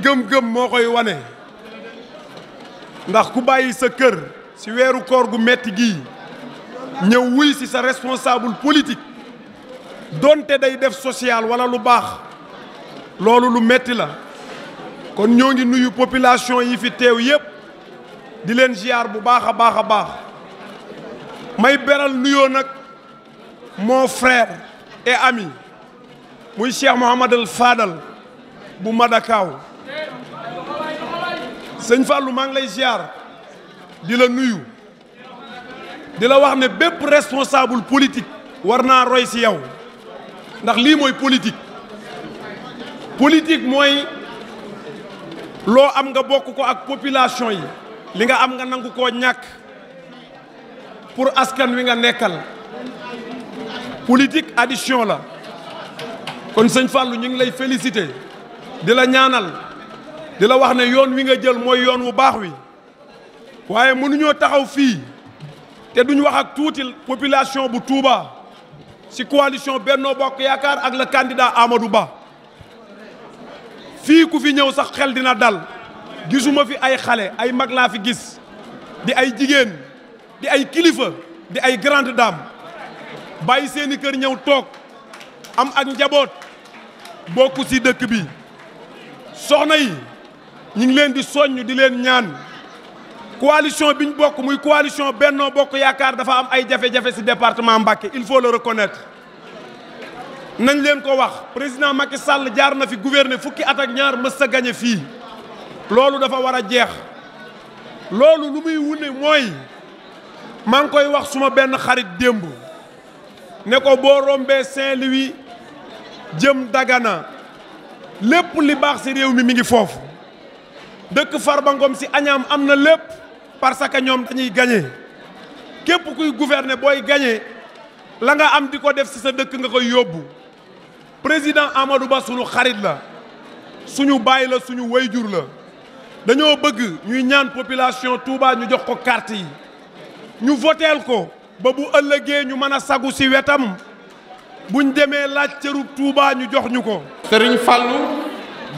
gëm-gëm moo koy wane ndax ku bàyyi sa kër ci weeru koor gu metti gii ñëw wuy ci sa responsable politique donte day def social walla lu baax loolu lu metti la kon ñoo ngi nuyu population yi fi teew yépp di leen ziar bu baax a baax a baax may beral nuyoo nag moo frère et ami muy Cheikh Mouhamadal Fadal bu Madakaw sëñ Fallou maa ngi lay ziar di la nuyu di la wax ne bépp responsable politique war naa roy si yow ndax lii mooy politique politique mooy loo am nga bokk ko ak population yi li nga am nga nangu ko ñàkk pour askan wi nga nekkal politik addition la kon sëñ Fallou ñu ngi lay félicité di la ñaanal di la wax ne yoon wi nga jël mooy yoon wu baax wi waaye mënuñoo taxaw fii te duñu wax ak tuuti population bu Touba si coalition Benno Bokk Yaakaar ak le kàndidaa Amadou Ba fii ku fi ñëw sax xel dina dal gisuma fi ay xale ay mag laa fi gis di ay jigéen di ay kilifa di ay grande dame bàyyi seeni kër ñëw toog am ak njaboot bokku ci dëkk bi soxna yi ñu ngi leen di soññ di leen ñaan coalition bi bokk muy coalition Benno Bokk Yaakaar dafa am ay jafe-jafe ci département Mbacké il faut le reconnaître nañ leen ko wax président Macky sàll jaar na fi gouverner fukki at ñaar mës sa gañe fii loolu dafa war a jeex loolu lu muy wune mooy maa ngi koy wax suma benn xarit démb ne ko boo rombee Saint-Louis jëm Dagana lépp li baax si réew mi mi ngi foofu dëkk Farba Ngom si añam am na lépp parce que ñoom dañuy gañe képp kuy gouverner booy gagné la nga am di ko def si sa dëkk nga koy yóbbu président Amadou Ba suñu xarit la suñu bàyyi la suñu wayjur la dañoo bëgg ñuy ñaan population Touba ñu jox ko karti ñu voteel ko ba bu ëllëgee ñu mën a sagu si wetam buñ demee laaj cëru Touba ñu jox ñu ko. Serigne Fallou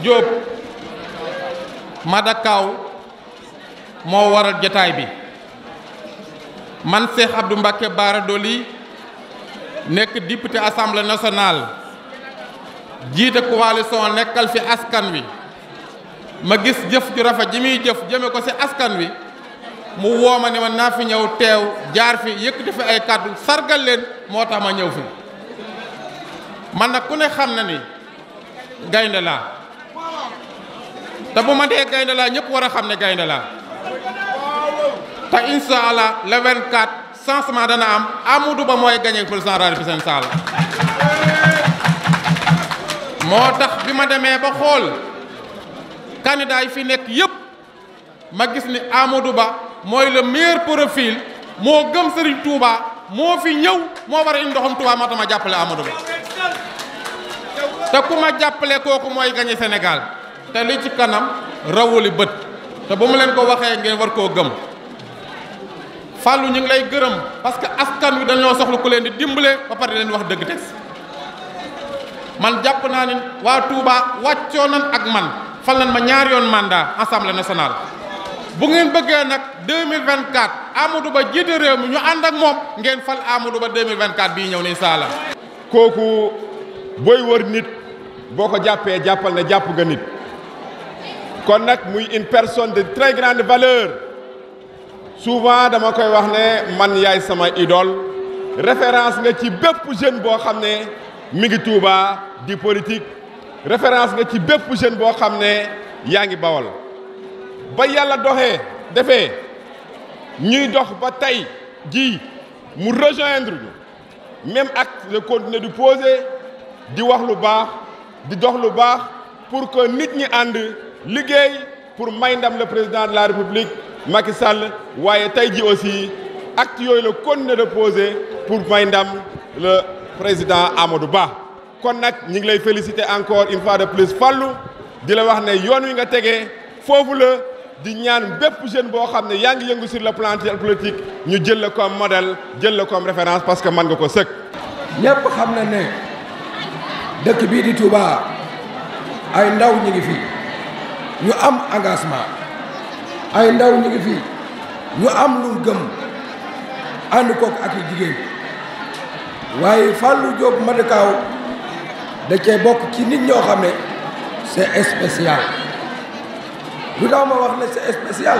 Diop. madakaaw moo waral jataay bi man Cheikh Abdou Mbacké Bara Dolly nekk député assemblée nationale jiite coalition nekkal fi askan wi ma gis jëf ju rafet ji muy jëf jëme ko ci askan wi mu woo ma ne ma naa fi ñëw teew jaar fi yëkkati fi ay kàddu sargal leen moo tax ma ñëw fi man na ku ne xam na ni gaynde laa te bu ma dee gaynde laa ñëpp war a xam ne gaynde laa te incha allah le 24 dana am Amadou Ba mooy gagné président rajo bi seen saal moo tax bi ma demee ba xool candidat fi nekk yëpp ma gis ni Amadou Ba mooy le meilleur profil moo gëm Serigne Touba moo fi ñëw moo war a indi ndoxam moo tax ma jàppale Amadou Ba te ku ma jàppale kooku mooy gagné senegal te li ci kanam rawuli bët te ba mu leen ko waxee ngeen war koo gëm fàllu ñu ngi lay gërëm parce que askan wi dañoo soxla ko leen di dimbale ba pare leen wax dëgg teg man jàpp naa ni waa Touba wàccoo nan ak man fal nan ma ñaari yoon màndaa assemblée nationale bu ngeen bëggee nag 2024 Amadou Ba jiite réew mi ñu ànd ak moom ngeen fal Amadou Ba 2024 bii ñëw nii saala kooku booy wër nit boo ko jàppee jàppal ne jàpp nga nit kon nag muy une personne de très grande valeur souvent dama koy wax ne man yaay sama idole référence nga ci bépp jeune boo xam ne mi ngi Touba di politique référence nga ci bépp jeune boo xam ne yaa ngi Bawol ba yàlla doxee defee ñuy dox ba tey jii mu rejoindre ñu même acte de continuer di poser di wax lu baax di dox lu baax pour que nit ñi ànd liggéey pour may ndam la président de la république Macky Sall waaye tey ji aussi acte yooyu la continuer de poser pour may ndam le président Amadou Ba kon nag ñi ngi lay féliciter encore une fois de plus Fallou di la wax ne yoon wi nga tege foofu la di ñaan bépp jeune boo xam ne yaa ngi yëngu sur le plan politique ñu jël la comme modèle jël la comme référence parce que mën nga ko sëkk. ñëpp xam na ne dëkk bii di Touba ay ndaw ñu ngi fi. ñu am engagement ay ndaw ñu ngi fii ñu am lu gëm ànd kook ak i jigéen waaye Fallou Diop Madakaw da cee bokk ci nit ñoo xam ne c'est spécial lu tax ma wax ne c'est spécial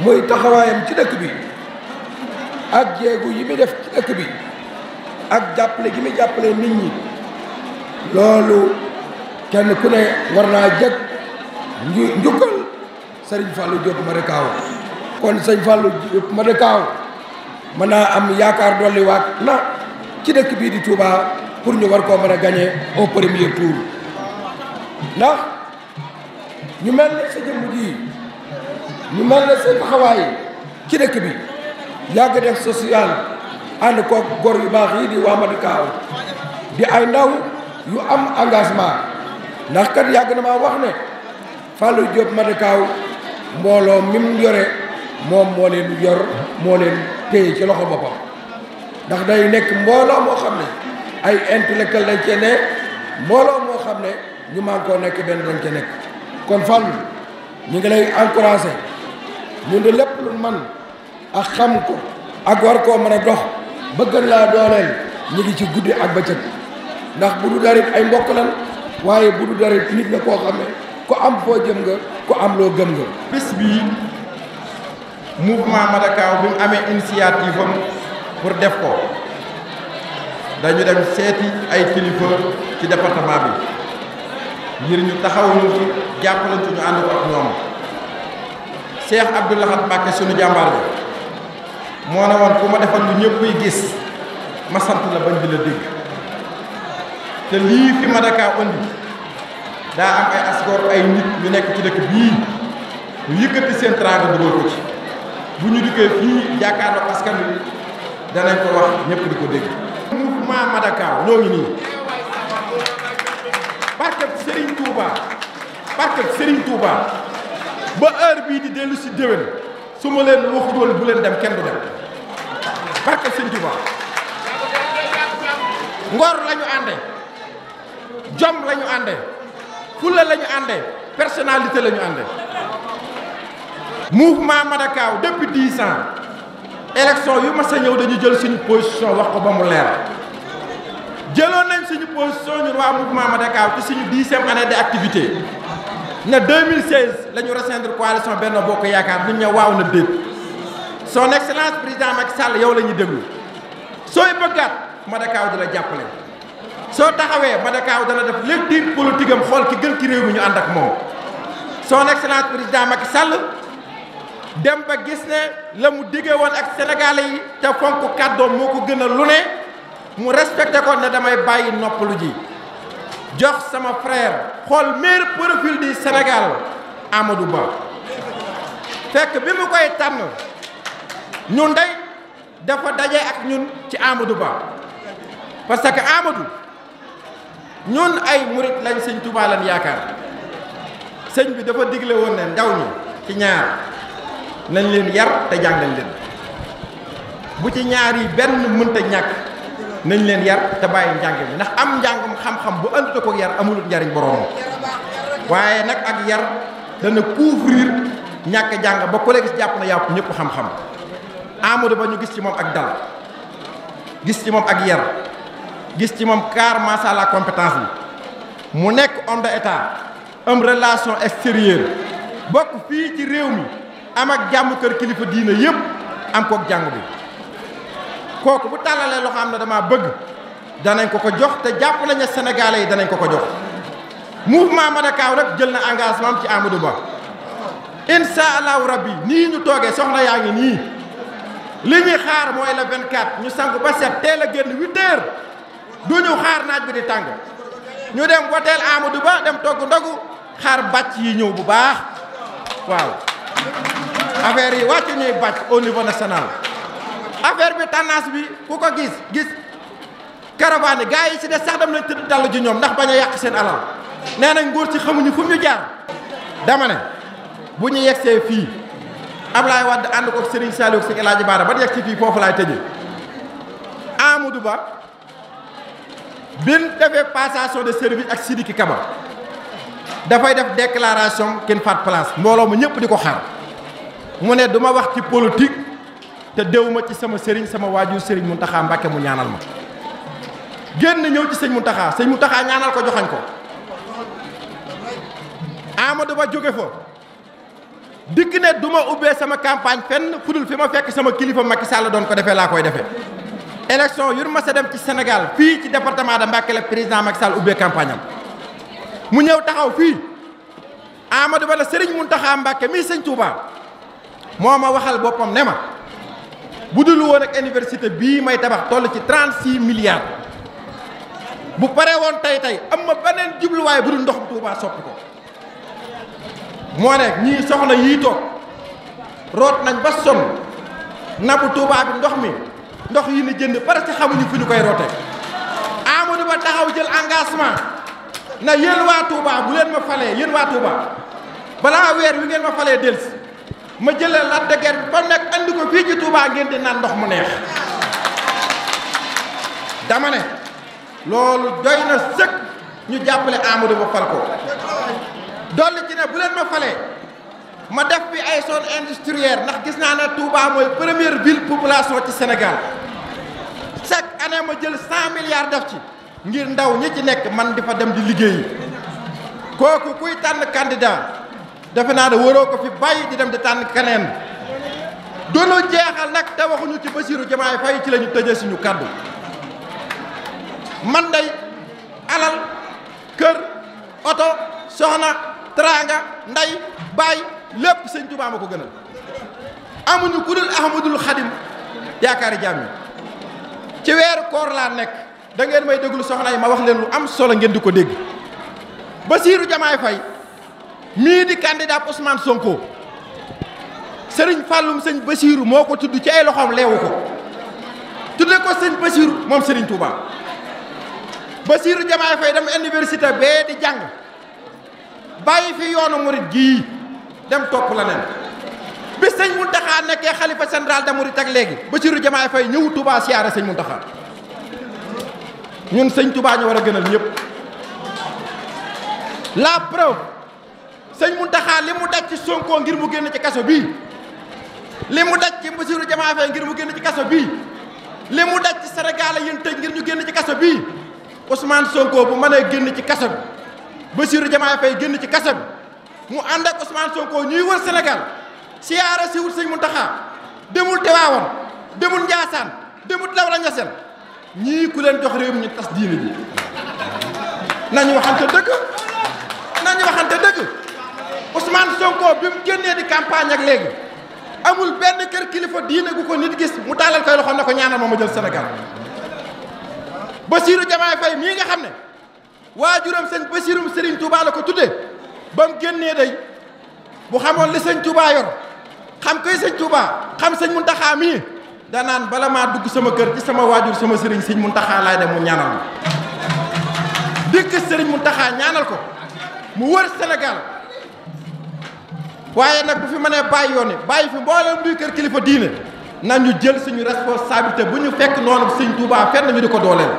muy taxawaayam ci dëkk bi ak jéegu yi muy def ci dëkk bi ak jàppale gi muy jàppale nit ñi loolu kenn ku ne war naa jëkk njukkal sëriñ Fallou ma Madakaw kon sëñ Fallou Diop Madakaw mën naa am yaakaar dolliwaat na ci dëkk bii di tuubaa pour ñu war koo mën a gagné au premier tour ndax ñu mel ne sa jëmm ji ñu mel ne sa taxawaay ci dëkk bi yàgg def social ànd ko góor yu baax yi di waa Madakaw di ay ndaw yu am engagement ndax kat yàgg na maa wax ne Fallou Diop Madakaw mbooloo mim yore moom moo leen yor moo leen téye ci loxo boppam ndax day nekk mbooloo moo xam ne ay intellectuel dañ cee ne mbooloo moo xam ne ñu man koo nekk benn dañ cee nekk kon fan ñu ngi lay encouragé ñu di lépp lu man a xam ko ak war koo mën a dox bëgg laa dooleel ñu ngi ci guddi ak bëccëg ndax bu du darit ay mbokk lan waaye bu du darit nit la koo xam ne ko am foo jëm nga ko am loo gëm nga bés bii mouvement Madakaw bi mu amee initiative am pour def ko dañu dem seeti ay kilifa ci département bi ngir ñu taxaw ñu ci jàppale ñu ànd ko ak ñoom Cheikh Abdou Lahad Mbacké suñu jàmbaar bi moo ne woon ku ma defal lu ñëpp gis ma sant la bañ di la dégg te lii fi Madakaw indi daa am ay asgoor ay nit ñu nekk ci dëkk bii ñu yëkkati seen tranga dugal ko ci bu ñu dikkee fii jàkkaarloo askan wi danañ ko wax ñëpp di ko dégg mouvement Madakaw ñoo ngi nii barkeb Serigne Touba barkeb Serigne Touba ba heure bii di dellu si déwén su ma leen waxul bu leen dem kenn du dem barkeb Serigne Touba ngor la ànde jom la ànde fula la ñu àndee personnalité la ñu àndee. mouvement Madakaw depuis dix ans élection yu mas a ñëw dañu jël suñu position wax ko ba mu leer jëloon nañ suñu position ñun waa mouvement Madakaw ci suñu dixième année d'activité ne 2016 la ñu rejoindre coalition Benno Bokk Yaakaar ñu ne waaw na déet son excellence président Macky Sall yow la ñuy déglu sooy bëggaat Madakaw di la jàppale. soo taxawee Madakaw dana def lecture politique am xool ki gën ci réew mi ñu ànd ak moom son excellence président Macky Sall dem ba gis ne la mu diggee woon ak sénégalais yi te fonk kàddoom moo ko gën a lu ne mu respecté ko ne damay bàyyi noppalu ji jox sama frère xool meilleur profil du Sénégal Amadou Ba fekk bi mu koy tànn ñun day dafa daje ak ñun ci Amadou Ba parce que Amadou ñun ay murit lañ sëñ Tuubaa lan yaakaar sëñ bi dafa digle woon ne ndaw ñi ci ñaar nañ leen yar te jàngal leen bu ci ñaar yi benn mënta ñàkk nañ leen yar te bàyyi njàng mi ndax am njàngum xam-xam bu ëndute ko yar amul njariñ boroomam waaye nag ak yar dana couvrir ñàkk jàng ba ku gis jàpp na yàpp ñëpp xam-xam Amadou Ba ñu gis ci moom ak dal gis ci moom ak yar gis ci moom carrément ça la compétence bi mu nekk homme de état am relation extérieure bokk fii ci réew mi am ak jàmm kër kilifa diine yëpp am kook jàng bi kooku bu tàllalee loo xam ne damaa bëgg danañ ko ko jox te jàpp nañ ne yi danañ ko ko jox mouvement Madakaw nag jël na engagement ci Amadou Ba incha allahu rabbi nii ñu toogee soxna yaa ngi nii li ñuy xaar mooy le 24 ñu sangu ba set teel a génn 8 heures. du ñëw xaar naaj bi di tàng ñu dem woteel du Ba dem togg ndogu xaar bàcc yi ñëw bu baax waaw affaire yi wàccu ñuy bàcc au niveau national affaire bi tendance bi ku ko gis gis caravane yi yi si des sax dem nañ tëdd dal ji ñoom ndax bañ a yàq seen alal nee nañ nguur ci xamuñu fu ñu jaar dama ne bu ñu yegsee fii Ablaye Wade ànd ko Serigne Saliou ak Serigne El Hadji Bara ba yegg ci fii foofu laay tëjee du Ba biir defee passation de service ak Sidiki Kaba dafay def déclaration kenn faat place mbooloo ma ñëpp di ko xaar mu ne du wax ci politique te déwuma ci sama sëriñ sama waajur sëriñ Mountakha Mbacké mu ñaanal ma génn ñëw ci sëñ mu taxaa sëñ mu taxaa ñaanal ko joxañ ko Amadou Ba jóge fa dikk ne du ma ubbee sama campagne fenn fudul fi ma fekk sama kilifa Macky Sall doon ko defee laa koy defee élection yu mas a dem ci Sénégal fii ci departement de Mbacké la président Macky Sall ubbee campagne mu ñëw taxaw fii Amadou Ba la Serigne Mountakha Mbacké mi sëñ Touba moo ma waxal boppam ne ma bu dul woon ak université bii may tabax toll ci 36 milliards bu pare woon tey tey am ma beneen jubluwaay bu dul ndoxum Touba soppi ko moo ne ñii soxna yii toog root nañ ba sonn nabu Touba bi ndox mi. ndox yi ñu jënd parce que xamuñu fu ñu koy roote Amadou Ba taxaw jël engagement na yéen waa Touba bu leen ma falee yéen waa Touba balaa weer wi ngeen ma falee delsi ma jëlee Lac de Guiers ba nekk andi ko fii ci Touba ngeen di naan ndox mu neex dama ne loolu doy na sëkk ñu jàppale Amadou Ba fal ko dolli ci ne bu leen ma falee ma def bi ay zone industrielle ndax gis naa ne Touba mooy première ville population ci senegal chaque année ma jël cent milliards def ci ngir ndaw ñi ci nekk man di fa dem di liggéeyi kooku kuy tànn candidat defe naa ne waroo ko fi bàyyi di dem di tànn keneen du jeexal nag te waxuñu ci Bassirou Diomaye Faye ci la ñu tëjee suñu kàddu man day alal kër oto soxna teraanga ndey baay lépp sëñ Tuubaa ma ko gënal amuñu ku dul Ahmadul Xadim yaakaari jaam yi ci weeru koor laa nekk da ngeen may déglu soxna yi ma wax leen lu am solo ngeen di ko dégg Bassirou Diomaye Faye mii di candidat Ousmane Sonko sëriñ fàllum sëñ Bassirou moo ko tudd ci ay loxoom leewu ko tudde ko sëñ Bassirou moom sëriñ Touba Bassirou Diomaye Faye dem université bee di jàng bàyyi fi yoonu murit gii dem topp la nen bi sëñ Muntaxa nekkee xalifa général de Mouride ak léegi Bassirou Diomaye Faye ñëw Touba siyaare sëñ Muntaxa ñun sëñ tubaa ñu war a gënal ñëpp la preuve sëñ Muntaxa li mu daj ci Sonko ngir mu génn ci kaso bii li mu daj ci Bassirou Diomaye ngir mu génn ci kaso bii mu daj ci Sénégal yéen tëj ngir ñu génn ci kaso bii Ousmane Sonko bu mënee génn ci kaso bi Bassirou Diomaye Faye génn ci kaso bi mu ànd ak Ousmane Sonko ñuy wër Sénégal siyaara si wut sëñ Muntaxa demul Tiwaawan demul Njaasaan demul Lawra Ñaseen ñii ku leen jox réew mi ñu tas diine bi nañu waxante dëgg nañu waxante dëgg Ousmane Sonko bi mu génnee di campagne ak léegi amul benn kër kilifa diine gu ko nit gis mu taalal koy loxo ne ko ñaanal ma ma jël Sénégal Bassirou Diomaye Faye mii nga xam ne waajuram sëñ Bassirum Serigne Touba la ko tuddee ba mu génnee day bu xamoon li sëñ Touba yor. xam koy sëñ Touba xam sëñ Muntaxa mii danaan bala maa dugg sama kër ci sama waajur sama sëriñ sëñ Muntaxa laay dem mu ñaanal ma dikk sëriñ Muntaxa ñaanal ko mu wër senegal waaye nag bu fi mënee bàyyi yoon yi bàyyi fi mboolem luy kër kilifa diine nañu jël suñu responsabilité bu ñu fekk noonu sëñ Touba fenn ñu di ko dooleel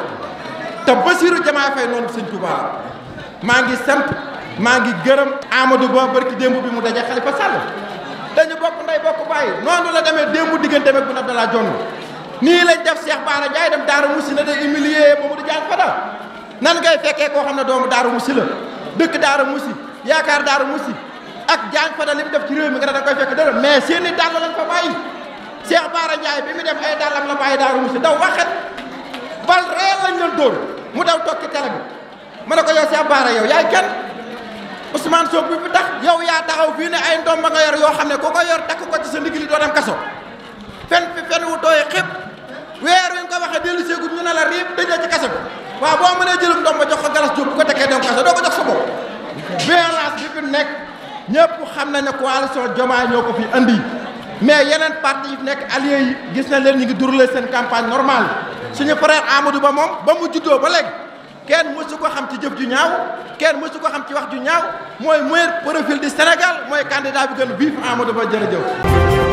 te Bassirou Diomaye Faye noonu sëñ Touba maa ngi sant maa ngi gërëm Amadou Ba barki démb bi mu daje Khalifa Sall dañu bokk ndey bokk bàyyi noonu la demee démb diggante ak Boun Abdallah Dionne nii lañ def Cheikh Bara Ndiaye dem Darou Moussi na day humilier Mamadou Diagne Fada nan ngay fekkee koo xam ne doomu Darou Moussi la dëkk Darou Moussi yaakaar Darou Moussi ak Diagne Fada li mu def ci réew mi nga ne da koy fekk dara mais seen i dàll lañ fa bàyyi Cheikh Bara Ndiaye bi mu def ay dàllam la bàyyi Darou Moussi daw waxet bal réel lañ leen dóor mu daw toog ci bi ma ne ko yow Cheikh Bara yow yaay kenn Ousmane Sonko bi fi tax yow yaa taxaw fii ne ay ndomba nga yor yoo xam ne ku ko yor takk ko ci sa ndigli doo dem kaso fen fi fen wu tooy xëpp weer wi nga ko waxee dellu seegul ñu ne la riib dañ la ci kaso bi waaw boo mënee jëlum ndomba jox ko galas jóob bu ko tekkee dem kaso doo ko jox sa bopp violence bi fi nekk ñëpp xam na ne coalition Diomaye ñoo ko fi andi mais yeneen parti yi nekk alliés yi gis na leen ñu ngi durale seen campagne normale suñu frère Amadou Ba moom ba mu juddoo ba léegi kenn mësu ko xam ci jëf ju ñaaw kenn mësu ko xam ci wax ju ñaaw mooy meilleur profil du Sénégal mooy candidat bi gën vif Amadou Ba jërëjëf